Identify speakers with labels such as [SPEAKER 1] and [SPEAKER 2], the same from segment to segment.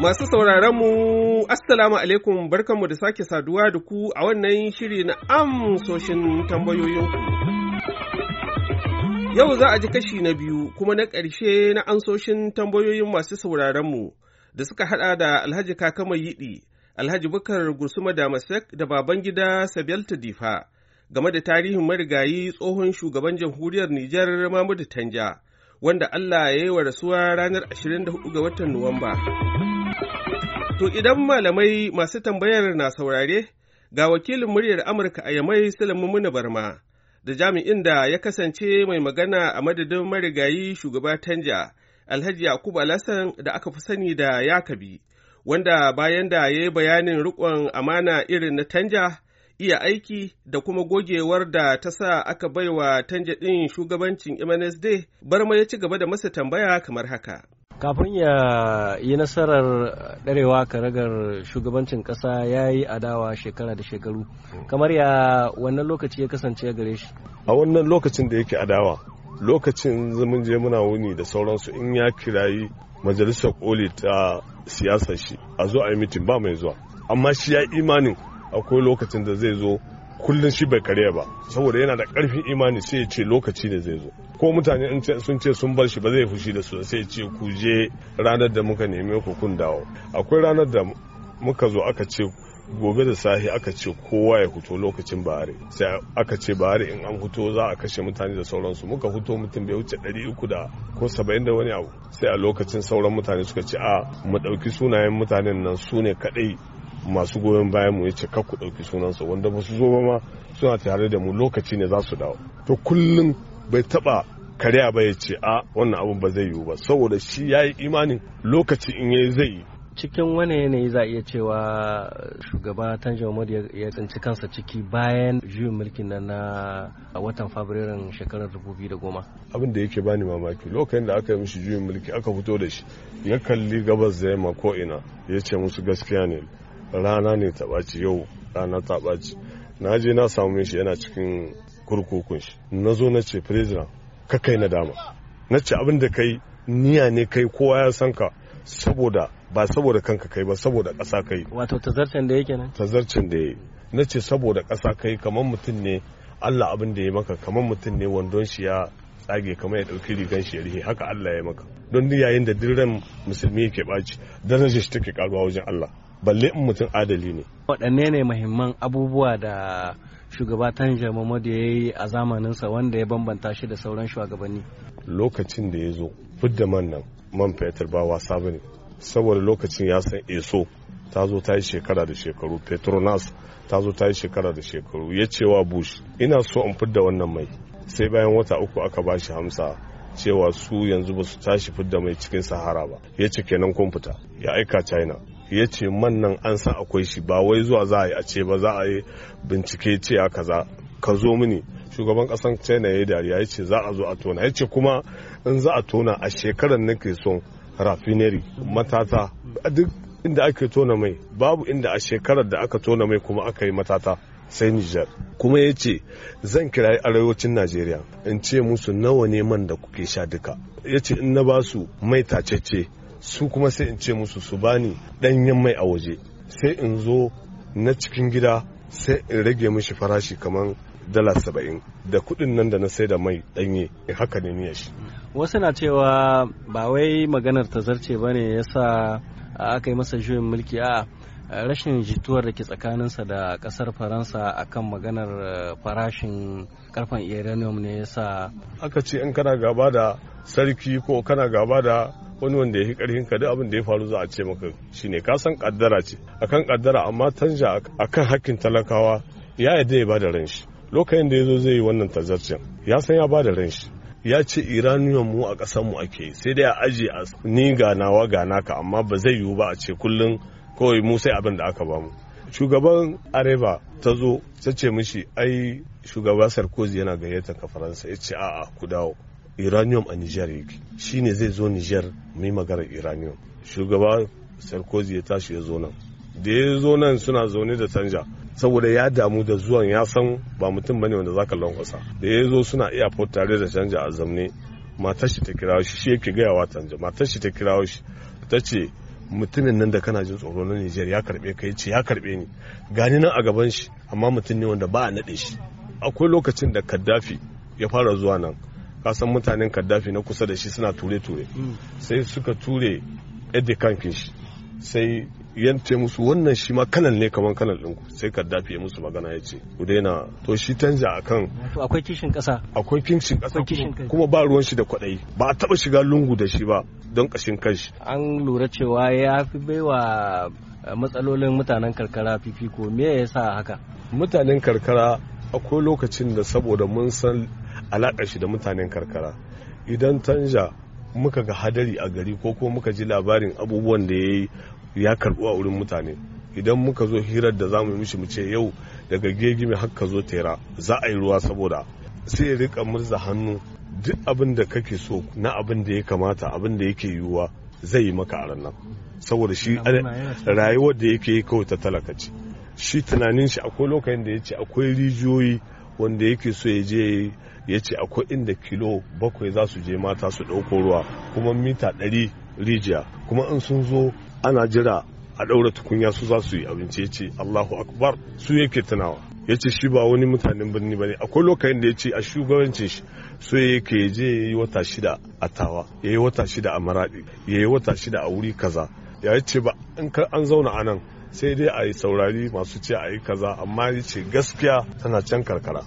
[SPEAKER 1] Masu mu Assalamu alaikum barkanmu da sake saduwa da ku a wannan shiri na amsoshin tambayoyinku. Yau za a ji kashi na biyu kuma na ƙarshe na amsoshin tambayoyin masu mu da suka haɗa da Alhaji Kakama Yiɗi, Alhaji Bukar Gursuma Damasek da Babangida Sabelta Difa game da tarihin marigayi tsohon shugaban jamhuriyar Nijar Mamudu Tanja. Wanda Allah ya yi wa rasuwa ranar 24 ga watan Nuwamba. To idan malamai masu tambayar na saurare, ga wakilin muryar Amurka a Yamai Sulaimu Muna Barma, da jami'in da ya kasance mai magana a madadin marigayi shugaba Tanja, Alhaji Yakubu Alassan da aka fi sani da Yakabi, wanda bayan da ya yi bayanin rikon amana irin na Tanja, iya aiki da kuma gogewar da ta sa aka baiwa Tanja ɗin shugabancin MNSD, Barma ya ci gaba da masa tambaya kamar haka.
[SPEAKER 2] kafin ya yi nasarar ɗarewa karagar shugabancin ƙasa ya yi adawa shekara da shekaru kamar ya wannan lokaci ya kasance gare shi
[SPEAKER 3] a wannan lokacin da yake adawa lokacin zaman je muna wuni da sauransu in ya kirayi majalisar koli ta siyasar shi a zo a yi mitin ba mai zuwa amma shi ya imanin akwai lokacin da zai zo kullum shi bai kare ba saboda yana da karfin imani sai ya ce lokaci ne zai zo ko mutane in sun ce sun bar shi ba zai fushi da su sai ce ku je ranar da muka neme ku kun dawo akwai ranar da muka zo aka ce gobe da sahi aka ce kowa ya fito lokacin bahari sai aka ce bahari in an fito za a kashe mutane da sauransu muka fito mutum bai wuce 300 da ko 70 da wani abu sai a lokacin sauran mutane suka ce a mu ɗauki sunayen mutanen nan su ne kaɗai masu goyon bayan mu yace kar ku ɗauki sunansu wanda ba su zo ba ma suna tare da mu lokaci ne za su dawo to kullum bai taba kariya ba ya ce a wannan abun ba zai yiwu ba saboda shi ya yi imanin lokaci
[SPEAKER 2] in yayi zai yi cikin wani yanayi za a iya cewa shugaba tanjo Mahmud ya tsinci kansa ciki bayan juyin mulkin nan na watan fabrairun shekarar 2010
[SPEAKER 3] abin da yake bani mamaki lokacin da aka yi mishi juyin mulki aka fito da shi ya kalli gabas da yamma ko ina ya ce musu gaskiya ne rana ne ta ɓaci yau rana ta ɓaci na je na samu shi yana cikin kurkukun shi na zo na ce president ka kai na dama na ce abin da kai niya ne kai kowa ya san ka saboda ba saboda kanka kai ba saboda ƙasa kai wato tazarcin da yake nan tazarcin da yake na ce saboda ƙasa kai kamar mutum ne Allah abin da ya maka kamar mutum ne wandon shi ya tsage kamar ya dauki rigan shi ya rihe haka Allah ya maka don yayin da diran musulmi yake ɓaci darajar shi take karuwa wajen Allah balle in mutum adali ne
[SPEAKER 2] waɗanne ne muhimman abubuwa da shugaba tanja mamadu ya yi a zamaninsa wanda ya bambanta shi da sauran shugabanni
[SPEAKER 3] lokacin da ya zo fidda man nan man fetur ba wasa ba ne saboda lokacin ya san eso ta zo ta yi shekara da shekaru petronas ta zo ta yi shekara da shekaru ya cewa bush ina so in fidda wannan mai sai bayan wata uku aka ba shi hamsa cewa su yanzu ba su tashi fidda mai cikin sahara ba ya ce kenan kwamfuta ya aika china ya ce man nan an san akwai shi ba wai zuwa za a yi a ce ba za a yi bincike ce a kaza ka zo mini shugaban kasan china ya yi dariya ya ce za a zo a tona ya ce kuma in za a tona a shekarar na ke son rafinery matata duk inda ake tona mai babu inda a shekarar da aka tona mai kuma aka yi matata sai Nijar. Kuma ya ce zan kirayi arewacin Najeriya in ce musu nawa ne man da kuke sha duka. Ya ce in na ba su mai tacece su kuma sai in ce musu su bani ɗanyen mai a waje sai in zo na cikin gida sai in rage mishi farashi kamar dala saba'in da kuɗin nan da na sai da mai ɗanye eh, haka ne niyar shi
[SPEAKER 2] wasu na cewa ba wai maganar ta zarce ba ne ya sa aka yi masa juyin mulki a rashin jituwar da ke tsakaninsa da ƙasar faransa akan maganar eh, farashin karfan iranium ne ya sa.
[SPEAKER 3] aka ce in kana gaba da sarki ko kana gaba da wani wanda ya fi karfin ka duk abin da ya faru za a ce maka shine ka san kaddara ce akan kaddara amma tanja akan hakkin talakawa ya yadda ya bada ran shi lokacin da ya zo zai yi wannan tazarcin ya san ya bada ran shi ya ce iraniyan mu a ƙasar mu ake sai dai a aje a ni ganawa gana ka amma ba zai yiwu ba a ce kullum kawai mu sai abin da aka bamu shugaban areba ta zo ta ce mishi ai shugaba sarkozy yana gayyata ka faransa ya ce a'a ku dawo uranium a niger yake ne zai zo niger mai magana uranium shugaba sarkozy ya tashi ya zo nan da ya zo nan suna zaune da canja saboda ya damu da zuwan ya san ba mutum bane wanda zaka lankwasa da ya zo suna iya fot tare da canja a zamne matar shi ta kirawo shi shi yake gaya wa canja matar shi ta kirawo shi ta ce mutumin nan da kana jin tsoro na Nijar ya karbe kai ce ya karbe ni gani nan a gaban shi amma mutum ne wanda ba a nade shi akwai lokacin da Kaddafi ya fara zuwa nan kasan mutanen kaddafi na kusa da shi suna ture-ture mm. sai suka ture edekankin kankin shi sai yance musu wannan shi ma kanan ne kamar kanan ɗinku sai kaddafi ya musu magana ya ce ku daina to shi canja a kan
[SPEAKER 2] akwai kishin ƙasa akwai kishin ƙasa
[SPEAKER 3] kuma ba ruwan shi da kwaɗayi ba a taɓa shiga lungu da shi ba don ƙashin kanshi
[SPEAKER 2] an lura cewa ya fi baiwa eh, matsalolin mutanen karkara fifiko me yasa haka
[SPEAKER 3] mutanen karkara akwai lokacin da saboda mun san alaƙar shi da mutanen karkara idan tanja muka ga hadari a gari ko kuma muka ji labarin abubuwan da ya yi ya karɓu a wurin mutane idan muka zo hirar da zamu yi mishi mu ce yau daga gegi mai ka zo tera za a yi ruwa saboda sai ya rika murza hannu duk abin da kake so na abin da ya kamata abin da yake yiwuwa zai yi maka a nan saboda shi rayuwar da yake yi kawai ta talaka shi tunanin shi akwai lokacin da ya ce akwai rijiyoyi wanda yake so ya je ya ce akwai inda kilo bakwai za su je mata su ɗauko ruwa kuma mita ɗari rijiya kuma in sun zo ana jira a ɗaura tukunya su za su yi abinci ya ce allahu akbar su yake tunawa ya ce shi ba wani mutanen birni ba ne akwai lokacin da ya ce a shugabancin shi so yake je ya yi wata shida a tawa ya yi wata shida a maraɗi ya yi wata shida a wuri kaza ya ce ba in an zauna a nan sai dai a yi saurari masu ce a yi kaza amma ya ce gaskiya tana can karkara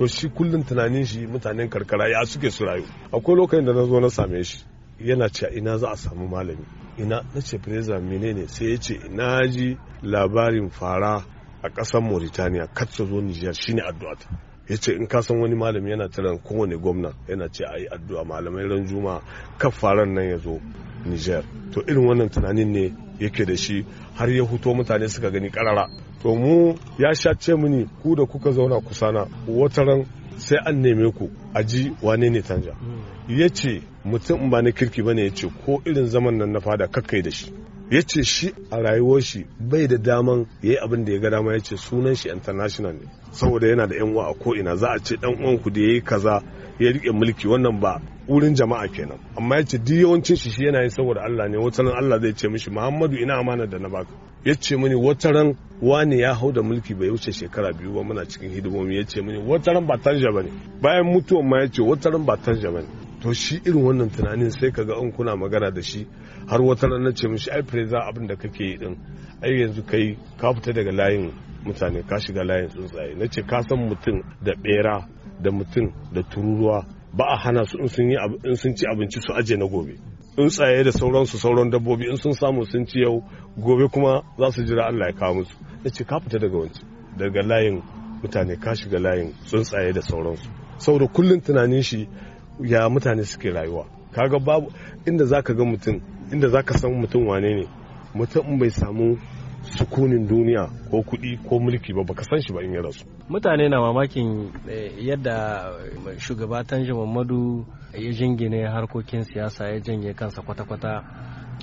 [SPEAKER 3] to shi kullum tunanin shi mutanen karkara ya suke su rayu akwai lokacin da na zo na same shi yana ce ina za a samu malami ina na ce fireza menene sai ya ce ina ji labarin fara a ƙasar mauritaniya kar su zo shi shine addu'ata ya ce in ka san wani malami yana tiran kowane gwamna yana ce a yi addu'a malamai ran kan faran nan ya zo niger to irin wannan tunanin ne yake da shi har ya huto mutane suka gani karara to mu ya shace mini ku da kuka zauna kusana ran sai an neme ku a ji wane ne tanja hmm. ya ce mutum ba na kirki bane ya ce ko irin zaman nan na fada kakkai da shi ya ce shi a rayuwar shi bai da daman ya yi abin da ya ga dama ya ce sunan shi international ne saboda yana da yan uwa a ko'ina za a ce dan uwanku da ya yi kaza ya rike mulki wannan ba wurin jama'a kenan amma yace ce duk yawancin shi shi yana yin saboda Allah ne wata ran Allah zai ce mishi Muhammadu ina amana da na baka ya ce mini wata ran wani ya hau da mulki bai wuce shekara biyu ba muna cikin hidimomi ya ce mini wata ran ba tarja bane bayan mutuwan ma ya ce wata ran ba tarja bane to shi irin wannan tunanin sai kaga in kuna magana da shi har wata ran na ce mishi ai preza abin da kake yi din ai yanzu kai ka fita daga layin mutane ka shiga layin tsuntsaye na ce ka san mutum da bera da mutum da tururuwa ba a hana su in sun ci abinci su aje na gobe tsaye da sauransu sauran dabbobi in sun samu sun ci yau gobe kuma za su jira Allah ya kawo musu ya ce ka fita daga wancan daga layin mutane ka shiga layin tsuntsaye da sauransu saboda kullum tunanin shi ya mutane suke rayuwa kaga babu inda za ka ga mutum inda za ka san mutum wane ne mutum bai samu sukunin duniya ko kuɗi ko mulki ba baka san shi ba in ya rasu
[SPEAKER 2] mutane na mamakin eh, yadda eh, shugaba tanji mamadu ya jingine harkokin siyasa ya janye kansa kwata-kwata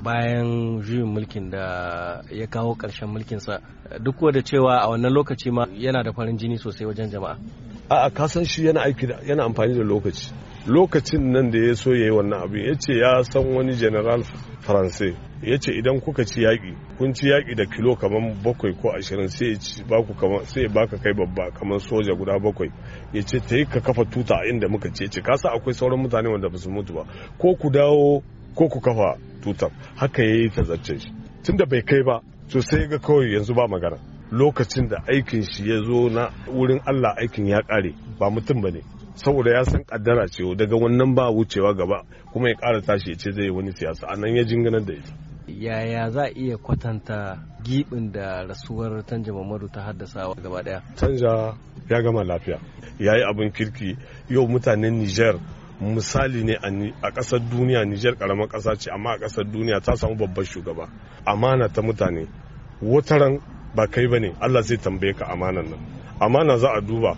[SPEAKER 2] bayan juyin mulkin da ya kawo ƙarshen mulkinsa duk da cewa a wannan lokaci ma yana da farin jini sosai wajen jama'a
[SPEAKER 3] a'a ka san shi yana aiki yana amfani da lokaci lokacin nan da ya so yi wannan abin ya ce ya san wani general faransai ya ce idan kuka ci yaƙi kun ci yaƙi da kilo kamar bakwai ko ashirin sai ya baka kai babba kamar soja guda bakwai ya ce ta yi ka kafa tuta a inda muka ce ce kasa akwai sauran mutane wanda ba su mutu ba ko ku dawo ko ku kafa tutar haka ya yi ta zace shi da bai kai ba to sai ga kawai yanzu ba magana lokacin da aikin shi ya zo na wurin Allah aikin ya kare ba mutum ba ne saboda ya san kaddara ce daga wannan ba wucewa gaba kuma ya kara tashi ya ce zai yi wani siyasa anan ya jinganar da ita
[SPEAKER 2] yaya za a iya kwatanta gibin da rasuwar tanja mamadu ta haddasa gaba daya
[SPEAKER 3] tanja ya gama lafiya ya yi abin kirki yau mutanen niger misali ne a ƙasar duniya niger karamar ƙasa ce amma a ƙasar duniya ta samu babban shugaba amana ta mutane wataran ba kai ba ne allah zai tambaye ka amanan nan amana za a duba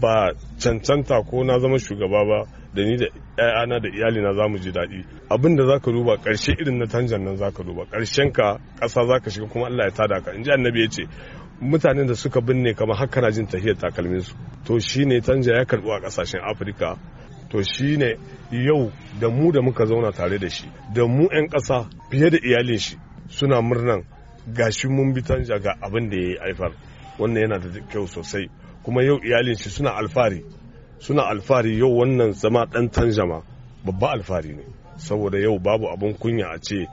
[SPEAKER 3] ba cancanta ko na zama shugaba ba da ni da ƴaƴana da iyali na zamu ji daɗi abin da zaka duba ƙarshe irin na tanjan nan zaka duba ƙarshen ka ƙasa zaka shiga kuma Allah ya tada ka inji annabi ya ce mutanen da suka binne kamar har kana jin tahiyar takalmin su to shine tanja ya karbu a ƙasashen Afirka to shine yau da mu da muka zauna tare da shi da mu 'yan ƙasa fiye da iyalin shi suna murnan gashi mun bi tanja ga abin da ya yi aifar. wannan yana da kyau sosai kuma yau iyalin shi suna alfari suna alfahari yau wannan zama ɗan tanjama babba alfahari ne saboda yau babu abin kunya a ce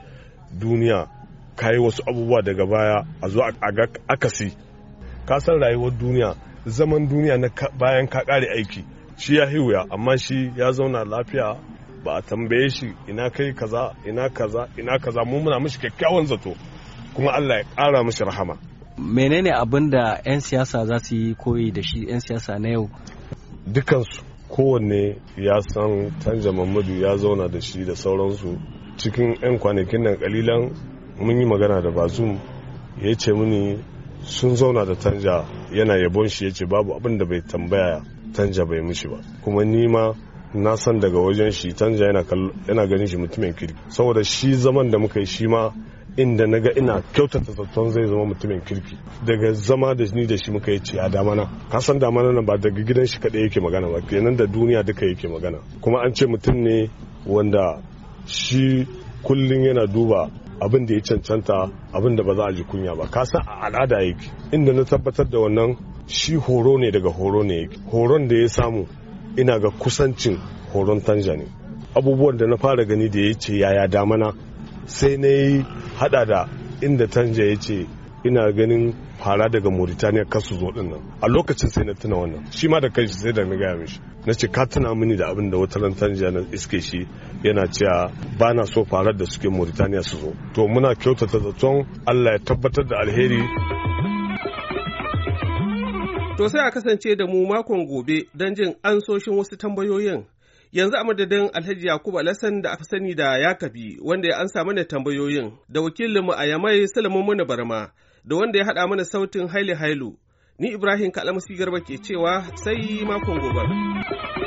[SPEAKER 3] duniya kayi wasu abubuwa daga baya a zo a ga akasi ka rayuwar duniya zaman duniya na bayan ka kare aiki shi ya hiwuya amma shi ya zauna lafiya ba a tambaye shi ina kai kaza ina kaza ina kaza mun muna mishi kyakkyawan
[SPEAKER 2] zato kuma Allah ya ƙara mishi rahama menene abin da 'yan siyasa za su yi koyi da shi 'yan siyasa na yau dukansu kowanne ya san
[SPEAKER 3] canja mamadu ya zauna da shi da sauransu cikin 'yan kwanakin nan kalilan mun yi magana da bazum ya ce muni sun zauna da tanja yana yabon shi ya ce babu abin da bai tambaya tanja bai mishi ba kuma ni na san daga wajen shi tanja yana ganin shi mutumin kirki saboda shi zaman da muka yi shi ma inda na ga ina kyautata zaton zai zama mutumin kirki daga zama da ni da shi muka yi ce a damana ka san damana nan ba daga gidan shi kaɗai yake magana ba kenan da duniya duka yake magana kuma an ce mutum ne wanda shi kullum yana duba abin da ya cancanta abin da ba za a ji kunya ba ka san a al'ada yake inda na tabbatar da wannan shi horo ne daga horo ne yake horon da ya samu ina ga kusancin horon tanja abubuwan da na fara gani da ya ce yaya damana sai na yi hada da inda tanja ya ce ina ganin fara daga Mauritania kasu zo din a lokacin sai na tuna wannan shi ma da kai sai da na gaya mishi na ce ka tuna mini da abin da wata rantar na iske shi yana cewa ba na so fara da suke Mauritania su zo to muna kyautata zaton Allah ya tabbatar da alheri
[SPEAKER 1] To sai a kasance da mu makon gobe don jin ansoshin wasu tambayoyin Yanzu a madadin Alhaji Yakubu Alassan da aka sani da ya Yakabi wanda ya ansa mana tambayoyin da wakilinmu a Yamai Salamun mana Barma da wanda ya haɗa mana sautin Haile Hailu. Ni Ibrahim Kalamusi Garba ke cewa sai makon gobe.